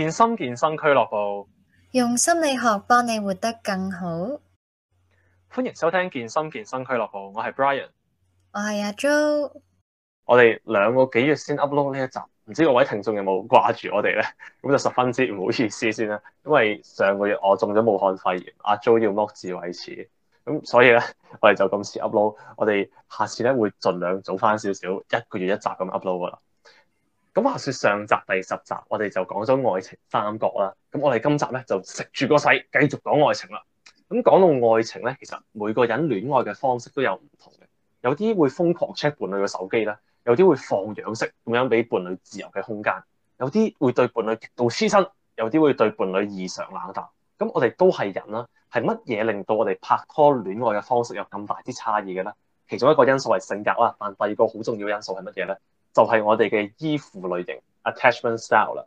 健心健身俱樂部，用心理學幫你活得更好。歡迎收聽健心健身俱樂部，我係 Brian，我係阿 Jo。我哋兩個幾月先 upload 呢一集，唔知各位聽眾有冇掛住我哋咧？咁就十分之唔好意思先啦。因為上個月我中咗武漢肺炎，阿 Jo 要剝智慧齒，咁所以咧我哋就咁遲 upload。我哋下次咧會盡量早翻少少，一個月一集咁 upload 噶啦。咁話説上集第十集，我哋就講咗愛情三角啦。咁我哋今集咧就食住個勢繼續講愛情啦。咁講到愛情咧，其實每個人戀愛嘅方式都有唔同嘅，有啲會瘋狂 check 伴侶嘅手機啦，有啲會放養式咁樣俾伴侶自由嘅空間，有啲會對伴侶極度痴身，有啲會對伴侶異常冷淡。咁我哋都係人啦，係乜嘢令到我哋拍拖戀愛嘅方式有咁大啲差異嘅咧？其中一個因素係性格啦，但第二個好重要因素係乜嘢咧？就係我哋嘅依附類型 attachment style 啦。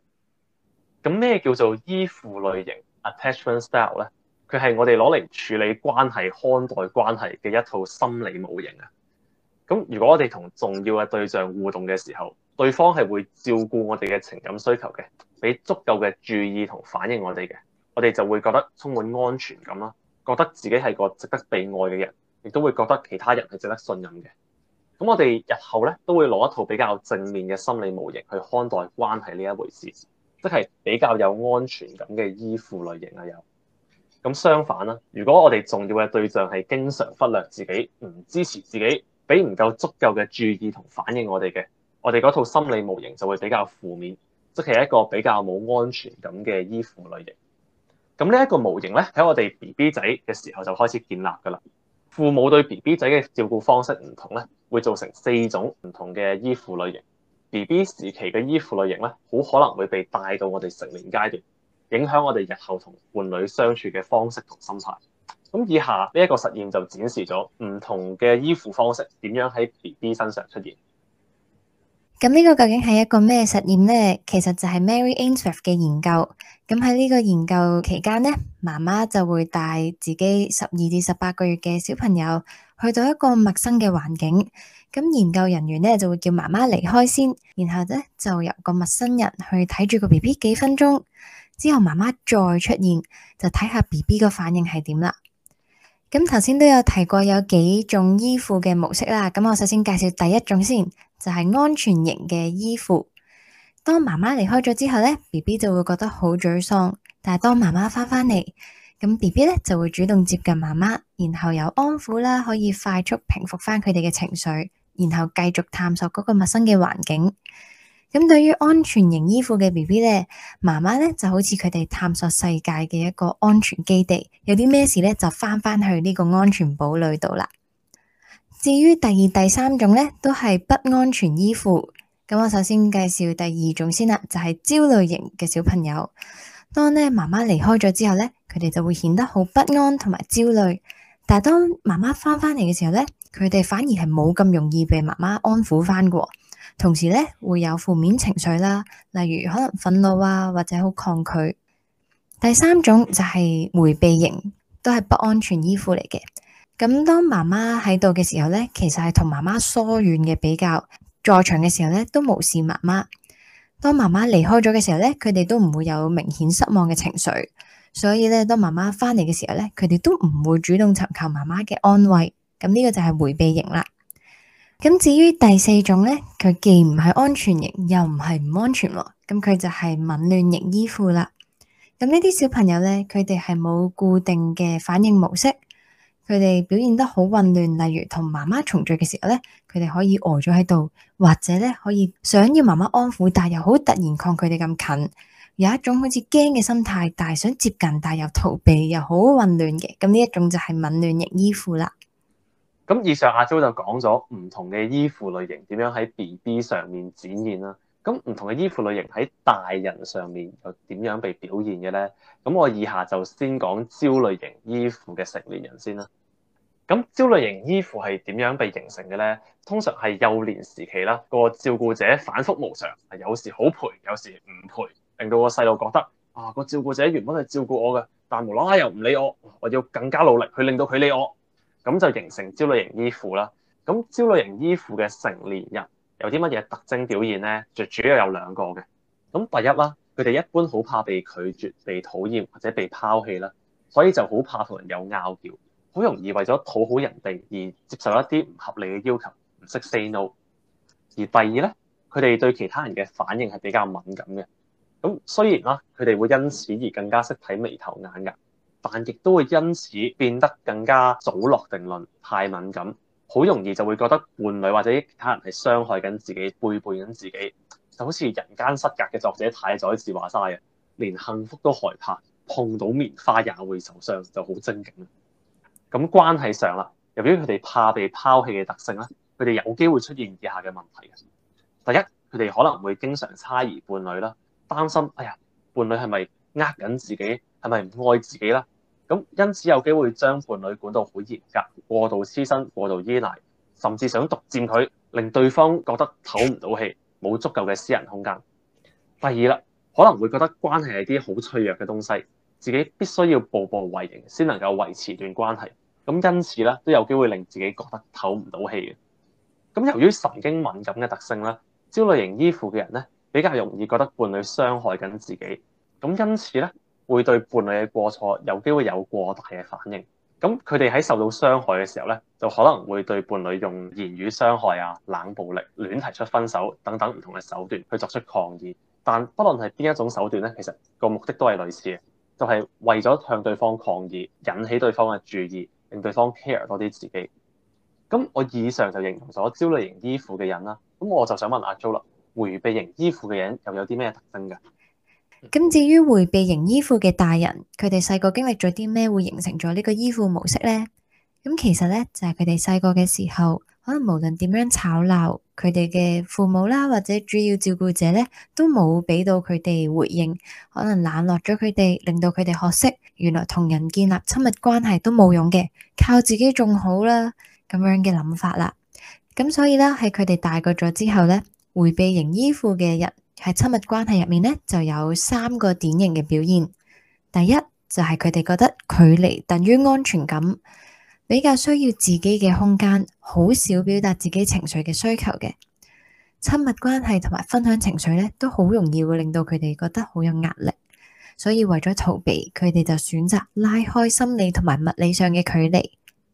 咁咩叫做依附類型 attachment style 咧？佢係我哋攞嚟處理關係、看待關係嘅一套心理模型啊。咁如果我哋同重要嘅對象互動嘅時候，對方係會照顧我哋嘅情感需求嘅，俾足夠嘅注意同反應我哋嘅，我哋就會覺得充滿安全感啦，覺得自己係個值得被愛嘅人，亦都會覺得其他人係值得信任嘅。咁我哋日後咧，都會攞一套比較正面嘅心理模型去看待關係呢一回事，即係比較有安全感嘅依附類型啊。有咁相反啦，如果我哋重要嘅對象係經常忽略自己、唔支持自己、俾唔夠足夠嘅注意同反應我哋嘅，我哋嗰套心理模型就會比較負面，即係一個比較冇安全感嘅依附類型。咁呢一個模型咧，喺我哋 B B 仔嘅時候就開始建立㗎啦。父母對 B B 仔嘅照顧方式唔同咧，會造成四種唔同嘅依附類型。BB 時期嘅依附類型咧，好可能會被帶到我哋成年階段，影響我哋日後同伴侶相處嘅方式同心態。咁以下呢一個實驗就展示咗唔同嘅依附方式點樣喺 BB 身上出現。咁呢個究竟係一個咩實驗呢？其實就係 Mary Ainsworth 嘅研究。咁喺呢個研究期間呢，媽媽就會帶自己十二至十八個月嘅小朋友去到一個陌生嘅環境。咁研究人員呢就會叫媽媽離開先，然後呢就由個陌生人去睇住個 B B 幾分鐘，之後媽媽再出現，就睇下 B B 嘅反應係點啦。咁頭先都有提過有幾種依附嘅模式啦。咁我首先介紹第一種先。就係安全型嘅依附。當媽媽離開咗之後咧，B B 就會覺得好沮喪。但係當媽媽翻返嚟，咁 B B 咧就會主動接近媽媽，然後有安撫啦，可以快速平復翻佢哋嘅情緒，然後繼續探索嗰個陌生嘅環境。咁對於安全型依附嘅 B B 咧，媽媽咧就好似佢哋探索世界嘅一個安全基地，有啲咩事咧就翻返去呢個安全堡壘度啦。至於第二、第三種咧，都係不安全依附。咁我首先介紹第二種先啦，就係焦慮型嘅小朋友。當咧媽媽離開咗之後咧，佢哋就會顯得好不安同埋焦慮。但係當媽媽翻翻嚟嘅時候咧，佢哋反而係冇咁容易被媽媽安撫翻嘅，同時咧會有負面情緒啦，例如可能憤怒啊，或者好抗拒。第三種就係回避型，都係不安全依附嚟嘅。咁當媽媽喺度嘅時候呢，其實係同媽媽疏遠嘅比較，在場嘅時候呢，都無視媽媽。當媽媽離開咗嘅時候呢，佢哋都唔會有明顯失望嘅情緒。所以呢，當媽媽翻嚟嘅時候呢，佢哋都唔會主動尋求媽媽嘅安慰。咁、這、呢個就係回避型啦。咁至於第四種呢，佢既唔係安全型，又唔係唔安全咯。咁佢就係紊亂型依附啦。咁呢啲小朋友呢，佢哋係冇固定嘅反應模式。佢哋表現得好混亂，例如同媽媽重聚嘅時候咧，佢哋可以呆咗喺度，或者咧可以想要媽媽安撫，但又好突然抗拒佢哋咁近，有一種好似驚嘅心態，但係想接近，但又逃避，又好混亂嘅。咁呢一種就係紊亂型依附啦。咁以上阿 Jo 就講咗唔同嘅依附類型點樣喺 BB 上面展現啦。咁唔同嘅依附類型喺大人上面又點樣被表現嘅咧？咁我以下就先講焦慮型依附嘅成年人先啦。咁焦慮型依附係點樣被形成嘅咧？通常係幼年時期啦，個照顧者反覆無常，係有時好陪，有時唔陪，令到個細路覺得啊，個照顧者原本係照顧我嘅，但無啦啦又唔理我，我要更加努力，去令到佢理我，咁就形成焦慮型依附啦。咁焦慮型依附嘅成年人有啲乜嘢特徵表現咧？就主要有兩個嘅。咁第一啦，佢哋一般好怕被拒絕、被討厭或者被拋棄啦，所以就好怕同人有拗撬。好容易為咗討好人哋而接受一啲唔合理嘅要求，唔識 say no。而第二咧，佢哋對其他人嘅反應係比較敏感嘅。咁雖然啦、啊，佢哋會因此而更加識睇眉頭眼額，但亦都會因此變得更加早落定論，太敏感，好容易就會覺得伴侶或者其他人係傷害緊自己、背叛緊自己。就好似《人間失格》嘅作者太宰治話晒：「啊，連幸福都害怕，碰到棉花也會受傷，就好精警。咁關係上啦，由於佢哋怕被拋棄嘅特性咧，佢哋有機會出現以下嘅問題嘅。第一，佢哋可能會經常猜疑伴侶啦，擔心哎呀，伴侶係咪呃緊自己，係咪唔愛自己啦？咁因此有機會將伴侶管到好嚴格，過度黐身，過度依賴，甚至想獨佔佢，令對方覺得透唔到氣，冇足夠嘅私人空間。第二啦，可能會覺得關係係啲好脆弱嘅東西，自己必須要步步為營先能夠維持段關係。咁因此咧，都有機會令自己覺得透唔到氣嘅。咁由於神經敏感嘅特性咧，焦慮型依附嘅人咧，比較容易覺得伴侶傷害緊自己。咁因此咧，會對伴侶嘅過錯有機會有過大嘅反應。咁佢哋喺受到傷害嘅時候咧，就可能會對伴侶用言語傷害啊、冷暴力、亂提出分手等等唔同嘅手段去作出抗議。但不論係邊一種手段咧，其實個目的都係類似嘅，就係為咗向對方抗議，引起對方嘅注意。令對方 care 多啲自己，咁我以上就形容咗焦慮型依附嘅人啦。咁我就想問阿、啊、Jo 啦，回避型依附嘅人又有啲咩特徵㗎？咁、嗯、至於回避型依附嘅大人，佢哋細個經歷咗啲咩會形成咗呢個依附模式咧？咁其實咧就係佢哋細個嘅時候。可能無論點樣吵鬧，佢哋嘅父母啦，或者主要照顧者咧，都冇俾到佢哋回應，可能冷落咗佢哋，令到佢哋學識原來同人建立親密關係都冇用嘅，靠自己仲好啦咁樣嘅諗法啦。咁所以咧，喺佢哋大個咗之後咧，回避型依附嘅人喺親密關係入面咧，就有三個典型嘅表現。第一就係佢哋覺得距離等於安全感。比較需要自己嘅空間，好少表達自己情緒嘅需求嘅。親密關係同埋分享情緒咧，都好容易會令到佢哋覺得好有壓力，所以為咗逃避，佢哋就選擇拉開心理同埋物理上嘅距離，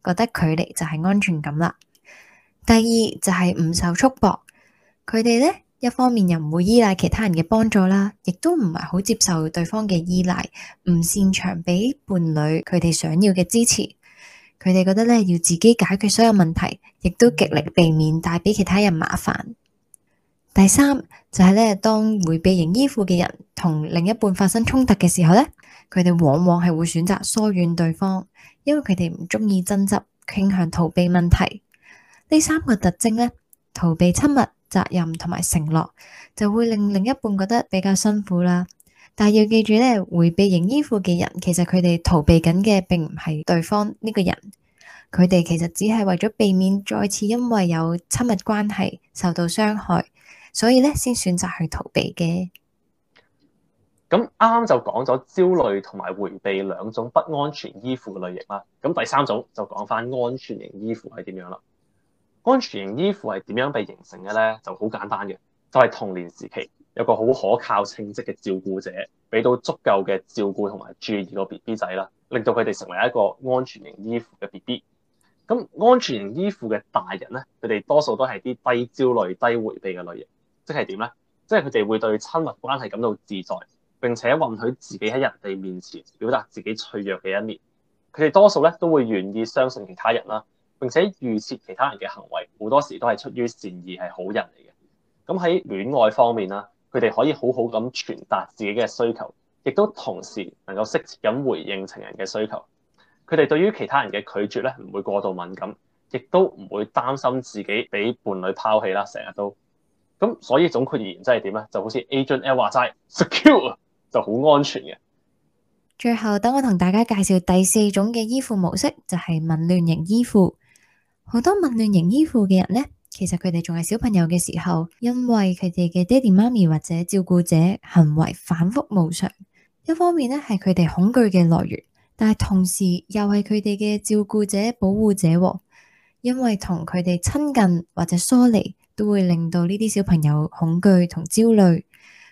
覺得距離就係安全感啦。第二就係唔受束縛，佢哋咧一方面又唔會依賴其他人嘅幫助啦，亦都唔係好接受對方嘅依賴，唔擅長俾伴侶佢哋想要嘅支持。佢哋覺得咧，要自己解決所有問題，亦都極力避免帶畀其他人麻煩。第三就係咧，當回避型依附嘅人同另一半發生衝突嘅時候咧，佢哋往往係會選擇疏遠對方，因為佢哋唔中意爭執，傾向逃避問題。呢三個特徵咧，逃避親密、責任同埋承諾，就會令另一半覺得比較辛苦啦。但係要記住咧，回避型依附嘅人，其實佢哋逃避緊嘅，並唔係對方呢個人，佢哋其實只係為咗避免再次因為有親密關係受到傷害，所以咧先選擇去逃避嘅。咁啱啱就講咗焦慮同埋回避兩種不安全依附嘅類型啦。咁第三種就講翻安全型依附係點樣啦。安全型依附係點樣被形成嘅咧？就好簡單嘅，就係童年時期。有個好可靠稱職嘅照顧者，俾到足夠嘅照顧同埋注意個 BB 仔啦，令到佢哋成為一個安全型依附嘅 BB。咁安全型依附嘅大人咧，佢哋多數都係啲低焦慮、低回避嘅類型，即係點咧？即係佢哋會對親密關係感到自在，並且允許自己喺人哋面前表達自己脆弱嘅一面。佢哋多數咧都會願意相信其他人啦，並且預設其他人嘅行為好多時都係出於善意，係好人嚟嘅。咁喺戀愛方面啦。佢哋可以好好咁傳達自己嘅需求，亦都同時能夠適切咁回應情人嘅需求。佢哋對於其他人嘅拒絕咧，唔會過度敏感，亦都唔會擔心自己俾伴侶拋棄啦，成日都。咁、嗯、所以總括而言，真係點咧？就好似 agent 話齋 secure 就好安全嘅。最後，等我同大家介紹第四種嘅依附模式，就係紊亂型依附。好多紊亂型依附嘅人咧。其實佢哋仲係小朋友嘅時候，因為佢哋嘅爹地媽咪或者照顧者行為反復無常，一方面咧係佢哋恐懼嘅來源，但係同時又係佢哋嘅照顧者保護者，因為同佢哋親近或者疏離都會令到呢啲小朋友恐懼同焦慮，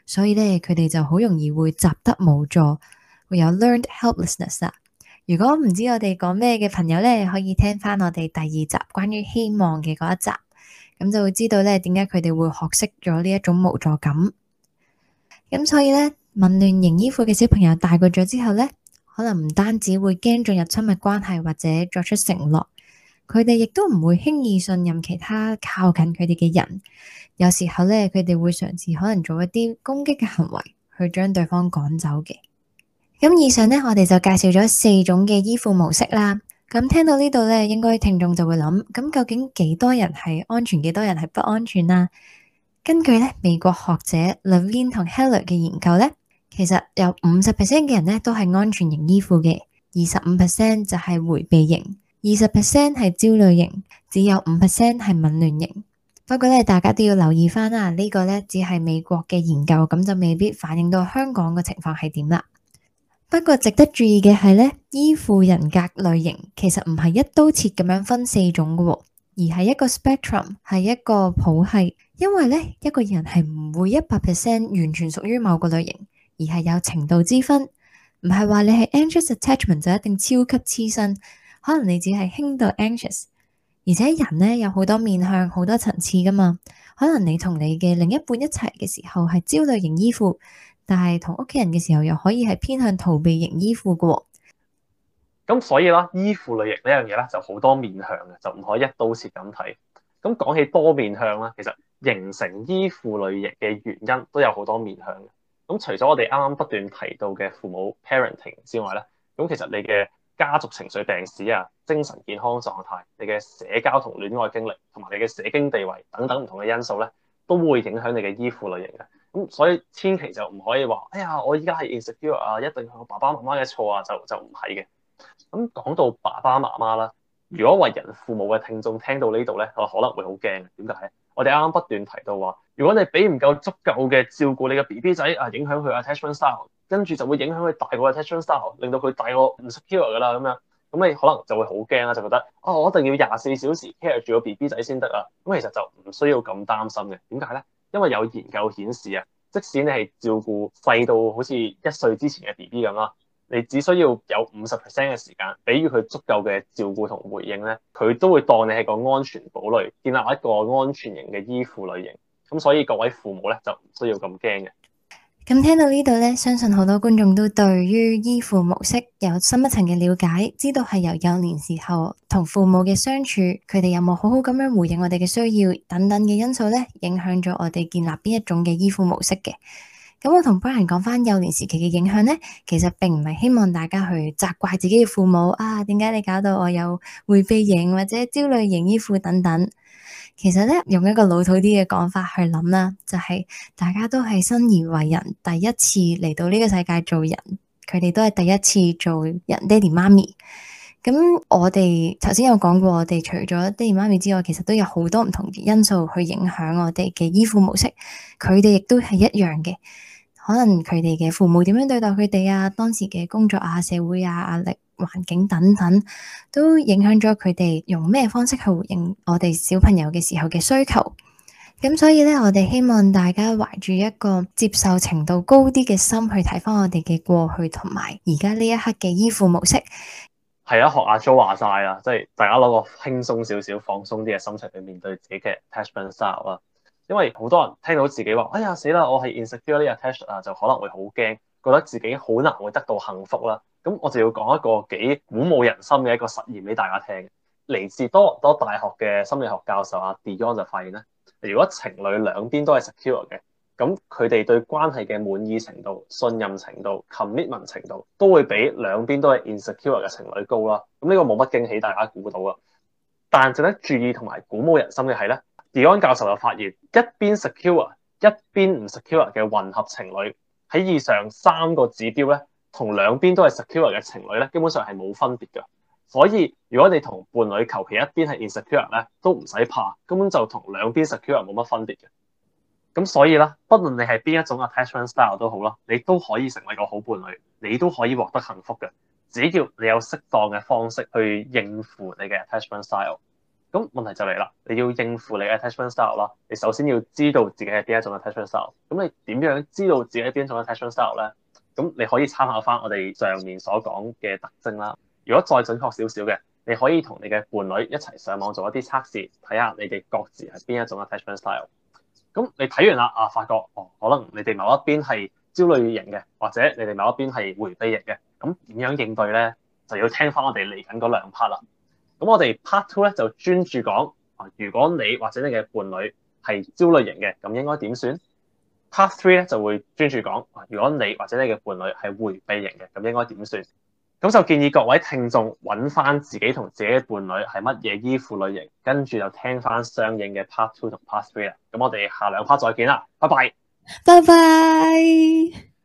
所以呢，佢哋就好容易會習得無助，會有 learned helplessness。如果唔知我哋講咩嘅朋友呢，可以聽翻我哋第二集關於希望嘅嗰一集。咁就會知道咧，點解佢哋會學識咗呢一種無助感。咁所以咧，紊亂型依附嘅小朋友大個咗之後咧，可能唔單止會驚進入親密關係或者作出承諾，佢哋亦都唔會輕易信任其他靠近佢哋嘅人。有時候咧，佢哋會嘗試可能做一啲攻擊嘅行為，去將對方趕走嘅。咁以上咧，我哋就介紹咗四種嘅依附模式啦。咁聽到呢度呢，應該聽眾就會諗，咁究竟幾多人係安全，幾多人係不安全啊？根據咧美國學者 Levine 同 Heller 嘅研究呢，其實有五十 percent 嘅人呢都係安全型依附嘅，二十五 percent 就係回避型，二十 percent 係焦慮型，只有五 percent 係紊亂型。不過咧，大家都要留意翻啊，呢個咧只係美國嘅研究，咁就未必反映到香港嘅情況係點啦。不過值得注意嘅係咧，依附人格類型其實唔係一刀切咁樣分四種嘅，而係一個 spectrum，係一個譜系。因為咧，一個人係唔會一百 percent 完全屬於某個類型，而係有程度之分。唔係話你係 anxious attachment 就一定超級黐身，可能你只係輕度 anxious。而且人咧有好多面向、好多層次噶嘛，可能你同你嘅另一半一齊嘅時候係焦慮型依附。但係同屋企人嘅時候又可以係偏向逃避型依附嘅哦。咁所以啦，依附類型呢樣嘢咧就好多面向嘅，就唔可以一刀切咁睇。咁講起多面向啦，其實形成依附類型嘅原因都有好多面向嘅。咁除咗我哋啱啱不斷提到嘅父母 parenting 之外咧，咁其實你嘅家族情緒病史啊、精神健康狀態、你嘅社交同戀愛經歷、同埋你嘅社經地位等等唔同嘅因素咧，都會影響你嘅依附類型嘅。咁、嗯、所以千祈就唔可以話，哎呀，我依家係 insecure 啊，一定係我爸爸媽媽嘅錯啊，就就唔係嘅。咁、嗯、講到爸爸媽媽啦，如果為人父母嘅聽眾聽到呢度咧，可能會好驚。點解咧？我哋啱啱不斷提到話，如果你俾唔夠足夠嘅照顧你嘅 B B 仔啊，影響佢 attachment style，跟住就會影響佢大個 attachment style，令到佢大個唔 secure 噶啦。咁樣咁你可能就會好驚啦，就覺得，哦，我一定要廿四小時 care 住個 B B 仔先得啊。咁其實就唔需要咁擔心嘅。點解咧？因為有研究顯示啊，即使你係照顧細到好似一歲之前嘅 B B 咁啦，你只需要有五十 percent 嘅時間，俾佢足夠嘅照顧同回應咧，佢都會當你係個安全堡壘，建立一個安全型嘅依附類型。咁所以各位父母咧就唔需要咁驚嘅。咁聽到呢度咧，相信好多觀眾都對於依附模式有深一層嘅了解，知道係由幼年時候同父母嘅相處，佢哋有冇好好咁樣回應我哋嘅需要等等嘅因素呢，影響咗我哋建立邊一種嘅依附模式嘅。咁、嗯、我同 Brian 講翻幼年時期嘅影響呢，其實並唔係希望大家去責怪自己嘅父母啊，點解你搞到我有回避型或者焦慮型依附等等。其實咧，用一個老土啲嘅講法去諗啦，就係大家都係生而為人，第一次嚟到呢個世界做人，佢哋都係第一次做人爹哋媽咪。咁我哋頭先有講過，我哋除咗爹哋媽咪之外，其實都有好多唔同因素去影響我哋嘅依附模式。佢哋亦都係一樣嘅，可能佢哋嘅父母點樣對待佢哋啊，當時嘅工作啊、社會啊、壓力啊。環境等等都影響咗佢哋用咩方式去回應我哋小朋友嘅時候嘅需求。咁所以咧，我哋希望大家懷住一個接受程度高啲嘅心去睇翻我哋嘅過去同埋而家呢一刻嘅依附模式。係啊，學阿 Jo 話晒啦，即係大家攞個輕鬆少少、放鬆啲嘅心情去面對自己嘅 attachment style 啦。因為好多人聽到自己話：哎呀死啦，我係 insecure 嘅 attachment 啊，就可能會好驚，覺得自己好難會得到幸福啦。咁我就要講一個幾鼓舞人心嘅一個實驗俾大家聽，嚟自多倫多大學嘅心理學教授阿 Dion 就發現咧，如果情侶兩邊都係 secure 嘅，咁佢哋對關係嘅滿意程度、信任程度、commitment 程度都會比兩邊都係 insecure 嘅情侶高啦。咁呢個冇乜驚喜，大家估到啊。但值得注意同埋鼓舞人心嘅係咧，Dion 教授就發現一邊 secure 一邊唔 secure 嘅混合情侶喺以上三個指標咧，同兩邊都係 secure 嘅情侶咧，基本上係冇分別㗎。所以如果你同伴侶求其一邊係 insecure 咧，都唔使怕，根本就同兩邊 secure 冇乜分別嘅。咁所以啦，不論你係邊一種 attachment style 都好啦，你都可以成為個好伴侶，你都可以獲得幸福嘅。只要你有適當嘅方式去應付你嘅 attachment style。咁問題就嚟啦，你要應付你嘅 attachment style 啦。你首先要知道自己係邊一種 attachment style。咁你點樣知道自己係邊一種 attachment style 咧？咁你可以參考翻我哋上面所講嘅特徵啦。如果再準確少少嘅，你可以同你嘅伴侶一齊上網做一啲測試，睇下你哋各自係邊一種 attachment style。咁、嗯、你睇完啦，啊，發覺哦，可能你哋某一邊係焦慮型嘅，或者你哋某一邊係回避型嘅。咁、嗯、點樣應對咧，就要聽翻我哋嚟緊嗰兩 part 啦。咁我哋 part two 咧就專注講，啊，如果你或者你嘅伴侶係焦慮型嘅，咁應該點算？Part three 咧就會專注講，如果你或者你嘅伴侶係回避型嘅，咁應該點算？咁就建議各位聽眾揾翻自己同自己嘅伴侶係乜嘢依附類型，跟住就聽翻相應嘅 Part two 同 Part three 啦。咁我哋下兩 part 再見啦，拜拜，拜拜。